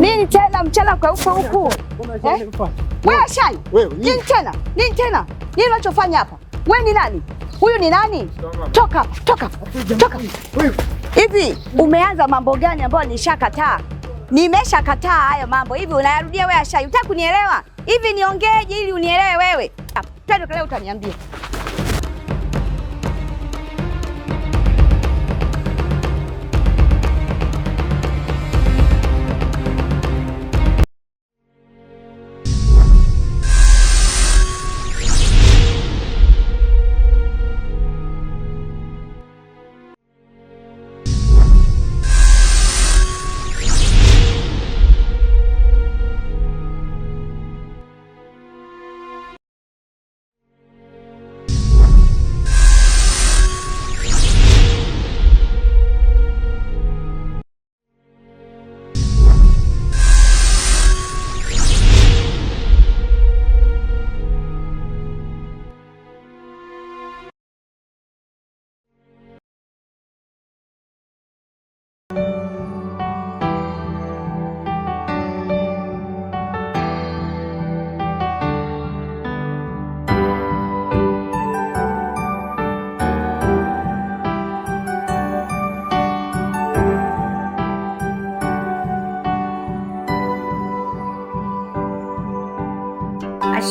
Nini tena mchana kwa huko huku eh? Wewe shai. Nini tena? Nini tena? Nini unachofanya hapa? Wewe ni nani? Huyu ni nani? Toka toka Toka. Hivi umeanza mambo gani ambayo nishakataa? kataa hayo mambo. Hivi unayarudia wewe shai. Unataka kunielewa? Hivi niongeeje ili unielewe wewe? Twende kale utaniambia.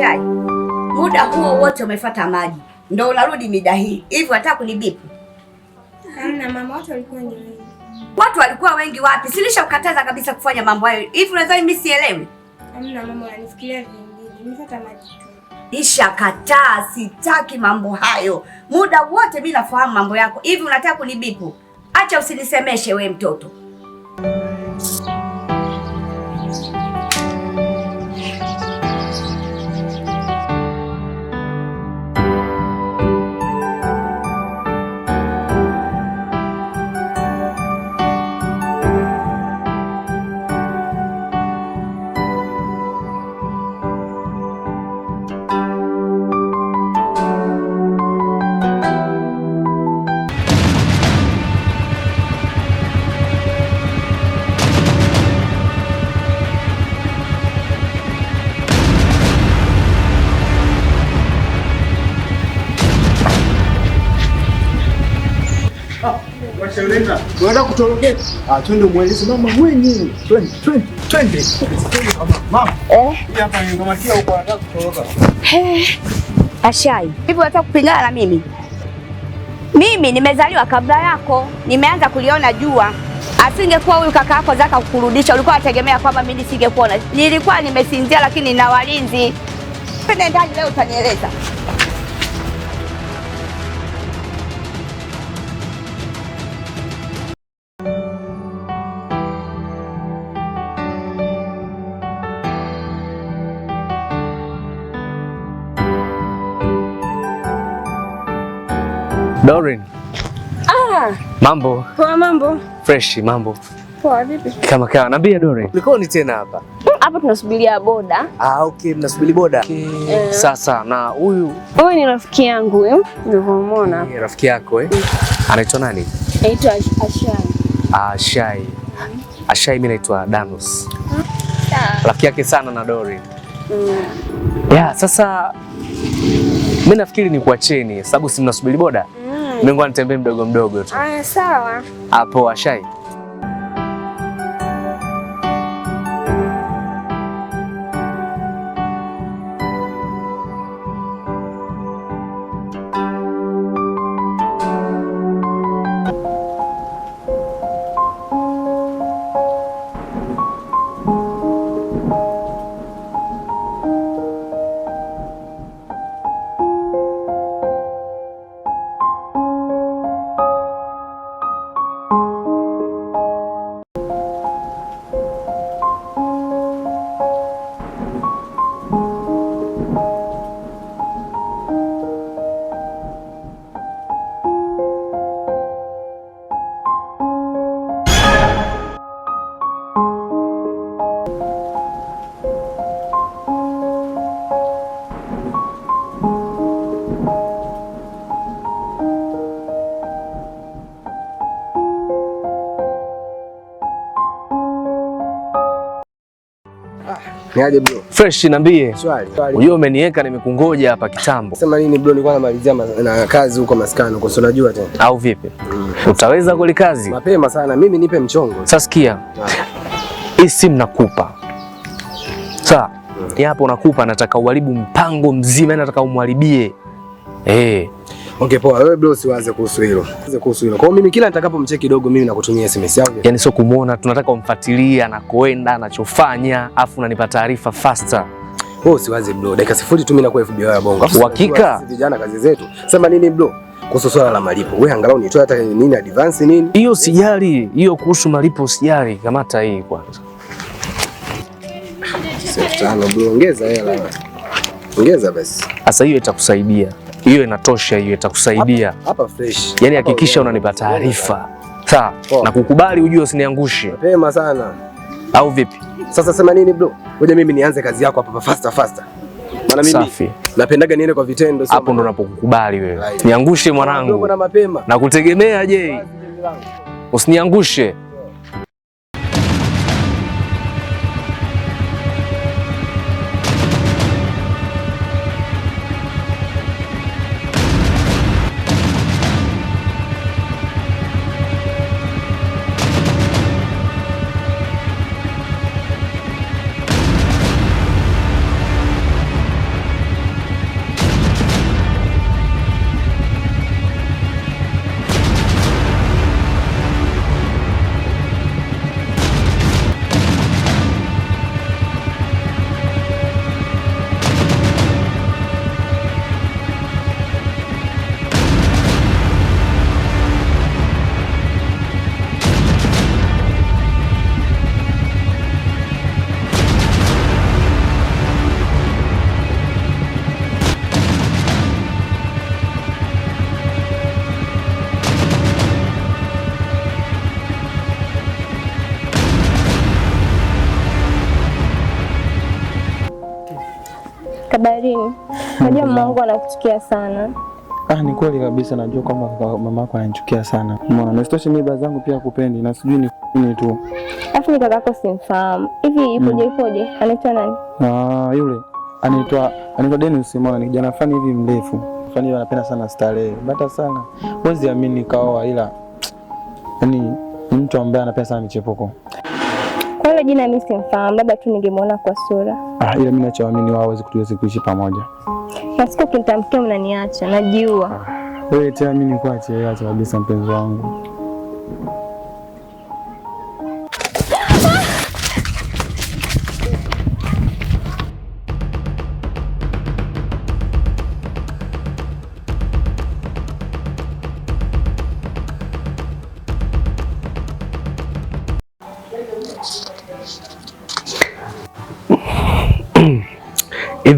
chai, muda huo wote umefuata maji, ndo unarudi mida hii hivyo. Hata kunibipu hamna mama, watu walikuwa wengi. Watu walikuwa wengi wapi? Silisha ukataza kabisa kufanya mambo hayo hivi, unadhani mimi sielewi? Hamna mama, unanifikiria vingine, nimefuata maji tu. kataa, sitaki mambo hayo. Muda wote mimi nafahamu mambo yako. Hivi unataka kunibipu? Acha usinisemeshe we mtoto. akutoroke. Ah, twende mama Twende, twende, twende. Mama. Eh? Hapa ni kia anataka kutoroka. Eh. Ashai. Hivi unataka kupingana na mimi? Mimi nimezaliwa kabla yako, nimeanza kuliona jua. Asingekuwa huyu kaka yako zaka kukurudisha, ulikuwa unategemea kwamba mimi nisingekuona. Nilikuwa nimesinzia, lakini na walinzi. Pende ndani leo utanieleza. Dorin. Ah. Mambo. Poa mambo. Fresh mambo. Poa vipi? Kama kawa. Naambia Dorin. Ulikuwa ni tena hapa. Hapa tunasubiria boda. Ah, okay, mnasubiri boda. Okay. Yeah. Sasa na huyu. Huyu ni rafiki yangu huyu. Eh, Unamuona. Ni rafiki yako eh? Mm. Anaitwa nani? Anaitwa Ashai. Ah, Ashai. Ashai mimi naitwa Danus. Ah. Rafiki yake sana na Dorin. Mm. Yeah, sasa mimi nafikiri ni kuacheni sababu si mnasubiri boda. Mungu anitembee mdogo mdogo tu. Ah, sawa. Hapo washai Niaje bro? Fresh niambie. Swali. Unajua umeniweka nimekungoja hapa kitambo. Sema nini bro, nilikuwa namalizia na kazi huko maskani huko, sio unajua tena. Au vipi? Mm. Utaweza kuli kazi? Mapema sana. Mimi nipe mchongo. Sasa sikia. Ah. Hii simu nakupa. Sasa Ni mm. hapo nakupa, nataka uharibu mpango mzima, nataka umharibie. Eh. Hey. Okay, poa. Wewe bro, usiwaze kuhusu hilo. Usiwaze kuhusu hilo. Kwa hiyo mimi kila nitakapomcheki dogo mimi nakutumia SMS au? Yaani sio kumuona, tunataka umfuatilie anakoenda, anachofanya, afu unanipa taarifa faster. Wewe usiwaze bro. Dakika sifuri tu mimi nakuwa FBI ya Bongo. Uhakika? Vijana kazi zetu. Sema nini bro? Kuhusu swala la malipo. Wewe angalau nitoe hata nini advance nini? Hiyo sijali. Hiyo kuhusu malipo sijali. Kamata hii kwanza. Sasa bro, ongeza hela. Ongeza basi. Sasa hiyo itakusaidia hiyo inatosha, hiyo itakusaidia hapa fresh. Yani hakikisha unanipa yaani taarifa sawa, na kukubali ujue usiniangushe mapema sana, au vipi? Sasa sema nini bro? Ngoja mimi nianze kazi yako hapa faster faster. Maana mimi napendaga niende kwa vitendo. Hapo ndo napokukubali wewe. Niangushe mwanangu. Na kutegemea je? Usiniangushe. Habarini. najua mama wangu anakuchukia sana. Ah, ni kweli kabisa, najua kwamba mama yako ananichukia sana. Na sitoshe mimi baba zangu pia kupendi na sijui ni nini tu. Alafu ni kakako simfahamu. Hivi ipoje mm. ipoje? Anaitwa nani? Ah, yule. Anaitwa anaitwa Dennis Simona, ni kijana fulani hivi mrefu. Fulani anapenda sana starehe. Bata sana. Huwezi amini kaoa ila. Yaani ni mtu ambaye anapenda sana michepuko. Ile jina mimi simfahamu, labda tu ningemwona kwa sura. Ah, ila mimi nachoamini wao hawezi kutuweza kuishi pamoja. Na siku kintamkia mnaniacha, najua Ah, wewe tena mimi nikuache, acha kabisa mpenzi wangu.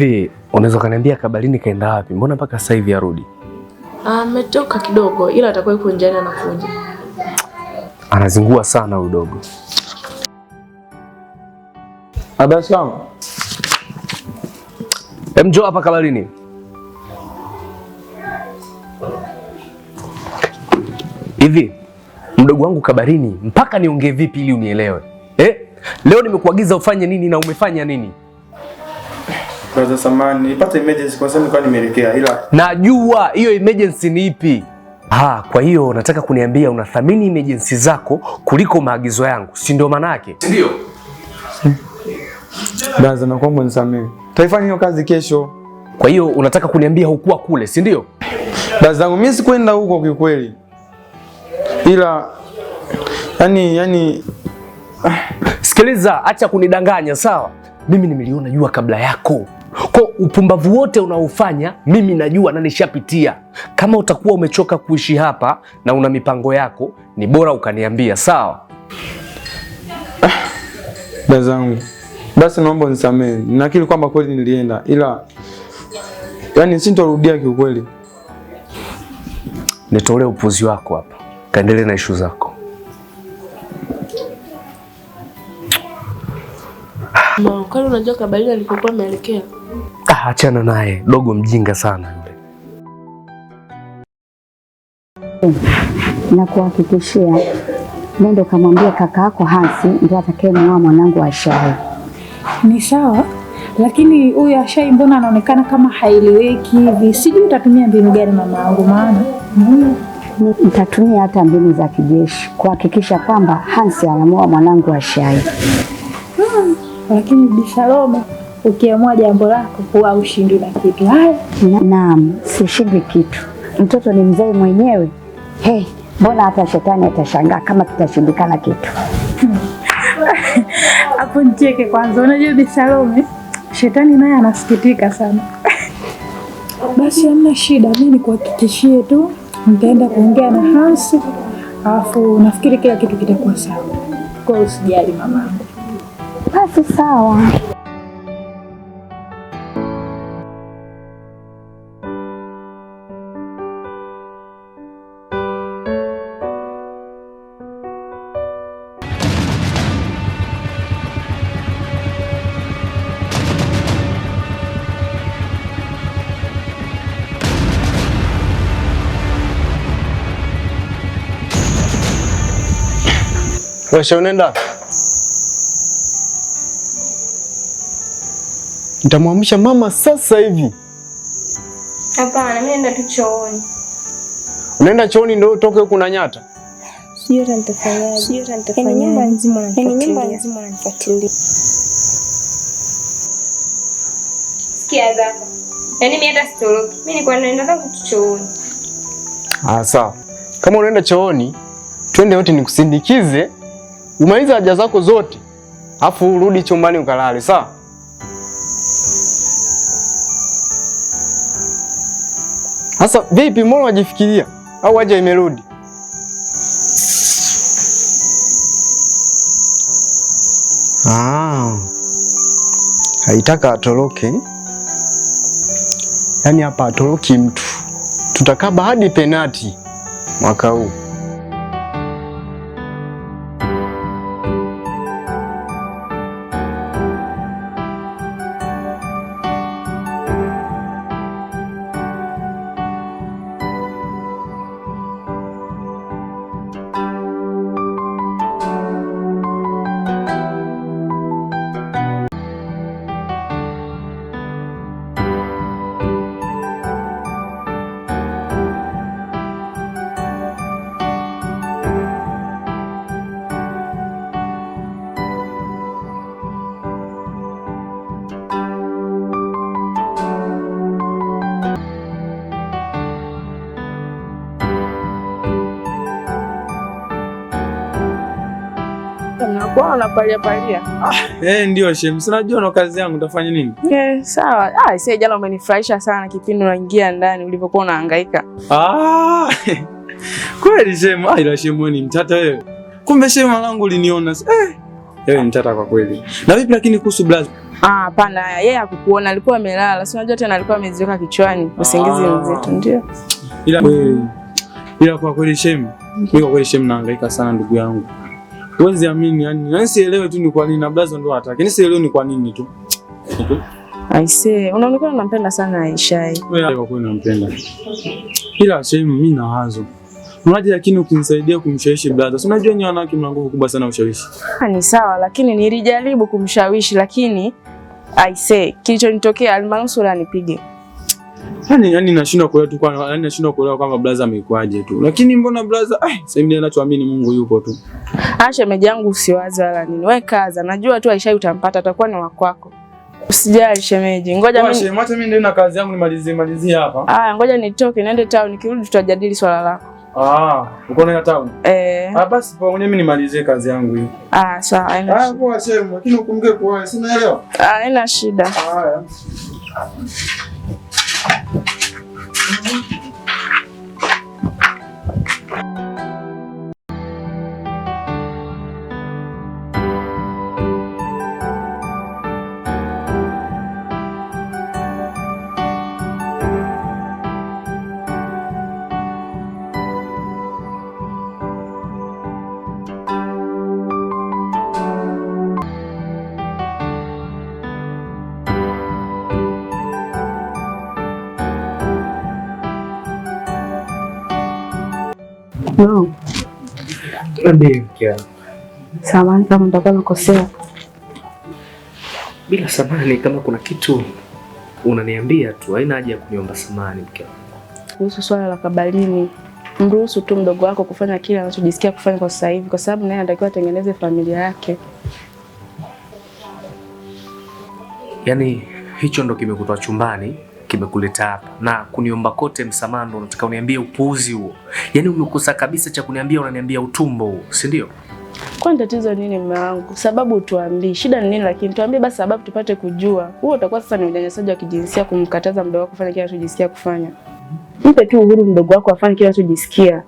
Hivi unaweza kaniambia Kabarini kaenda wapi? Mbona mpaka sasa hivi arudi? Ametoka ah, kidogo ila atakuwa yuko njiani anakuja. Anazingua sana udogo. Abasam. Emjo hapa Kabarini. Hivi mdogo wangu Kabarini mpaka niongee vipi ili unielewe? Eh? Leo nimekuagiza ufanye nini na umefanya nini? Brother Samani, nilipata emergency kwa sababu nilikuwa nimeelekea ila najua hiyo emergency ni ipi. Ah, kwa hiyo unataka kuniambia unathamini emergency zako kuliko maagizo yangu, si ndio maana yake? Ndio. Brother, nakuomba nisamehe. Tutaifanya hiyo kazi kesho. Kwa hiyo unataka kuniambia hukuwa kule, si ndio? Brother, mimi sikwenda huko kikweli. kweli. Ila yani yani Sikiliza, acha kunidanganya sawa? Mimi nimeliona jua kabla yako. Kwa upumbavu wote unaofanya mimi najua na nishapitia. Kama utakuwa umechoka kuishi hapa na una mipango yako, ni bora ukaniambia, sawa? dazangu ah, basi naomba unisamehe. Ninakiri kwamba kweli nilienda, ila yani sintorudia kiukweli. Nitolee upuzi wako hapa, kaendelee na ishu zako. Kwani unajua Kabalila alikokuwa ameelekea? Ah, achana naye, dogo mjinga sana yule. kuhakikishia nenda kamwambia kaka yako Hansi ndio atakayemuoa mwanangu Ashai. Ni sawa, lakini huyu Ashai mbona anaonekana kama hailiweki hivi? Sijui utatumia mbinu gani mama yangu, maana mm, hata mbinu za kijeshi kuhakikisha kwamba Hansi anamuoa mwanangu Ashai. Hmm, ah, lakini Bi ukiamua jambo lako huwa ushindwi na kitu. Haya, naam, sishindwi kitu. Mtoto ni mzee mwenyewe. Hey, mbona hata shetani atashangaa kama kitashindikana kitu hapo. Nicheke kwanza. Unajua Bi Salome, shetani naye anasikitika sana. Basi hamna shida, mi nikuhakikishie tu nitaenda kuongea na Hansi, alafu nafikiri kila kitu kitakuwa sawa. Kwa usijali mamangu. Basi sawa. Weshe unaenda? Nitamwamsha mama sasa hivi. Hapana, mimi naenda tu chooni. Unaenda chooni ndio utoke huku na nyata? Sijui hata nitafanyaje. Sijui hata yaani nitafanyaje. nyumba nzima unanifuatilia. nyumba nzima unanifuatilia. Sikia zako. Yaani mimi hata sitoroki. Mimi niko naenda zangu tu chooni. Ah, sawa. Kama unaenda chooni, twende wote nikusindikize umalize haja zako zote, afu urudi chumbani ukalale, sawa? Sasa vipi, mbona wajifikiria au haja imerudi? Ah, haitaka atoroke, yaani hapa atoroki mtu, tutakaa hadi penati mwaka huu. Habari habari. Ah, eh, ndio shem. Si unajua na kazi yangu utafanya nini? Eh, sawa. Ah, sasa jana umenifurahisha sana kipindi unaingia ndani ulivyokuwa unahangaika. Ah. Kweli shem. Ah, ila shem ni mtata wewe. Kumbe shem langu liniona. Eh. Wewe ni mtata kwa kweli. Na vipi lakini kuhusu blaza? Ah, hapana. Yeye yeah, hakukuona, alikuwa amelala. Si unajua tena alikuwa ameziweka kichwani. Usingizi ah. mzito ndio. Ila kweli. Ila kwa kweli shem. Mimi kwa kweli shem nahangaika sana ndugu yangu. Huwezi amini yani. Na sielewi tu ni kwa nini na Blazo ndo hataki. Ni sielewi ni kwa nini tu. Aisee, unaonekana unampenda sana Aisha. Wewe kwa kweli unampenda. Ila shame mimi na wazo. Unaje lakini ukinisaidia kumshawishi Blazo. Si unajua nyinyi wanawake mna nguvu kubwa sana ushawishi. Ah, ni sawa lakini nilijaribu kumshawishi lakini aisee, kilichonitokea almanusura anipige. Yani, yani nashindwa kuelewa tu kwa yani nashindwa kuelewa kama blaza amekuaje tu. Lakini mbona blaza eh, sasa mimi ninachoamini Mungu yupo tu. Ah, shemeji yangu usiwaze wala nini. Wewe kaza. Najua tu Aisha utampata atakuwa ni wako. Usijali shemeji. Ngoja mimi Shemeji, acha mimi ndio na kazi yangu nimalizie malizie hapa. Ah, ngoja nitoke niende town nikirudi tutajadili swala lako. Ah, uko na town? Eh. Ah, basi poa, mimi nimalizie kazi yangu hiyo. Ah, sawa. Ah, poa shemeji, lakini ukumbuke kwa sinaelewa. Ah, ina shida. Ah. Thank you. No. Samahani kama nitakuwa nakosea. Bila samahani, kama kuna kitu unaniambia tu, haina haja ya kuniomba samahani mke. Kuhusu swala la kabalini, mruhusu tu mdogo wako kufanya kile anachojisikia kufanya kwa sasa hivi, kwa sababu naye anatakiwa atengeneze familia yake. Yaani hicho ndo kimekutoa chumbani kimekuleta hapa na kuniomba kote msamaha, ndo unataka uniambie upuuzi huo? Yaani umekosa kabisa cha kuniambia, unaniambia utumbo huo, si ndio? Kwani tatizo nini mume wangu? Sababu tuambie shida ni nini, lakini tuambie basi sababu tupate kujua. Huo utakuwa sasa ni unyanyasaji wa kijinsia kumkataza mdogo wako kufanya kile anachojisikia kufanya. Mpe tu uhuru mdogo wako afanye kile anachojisikia.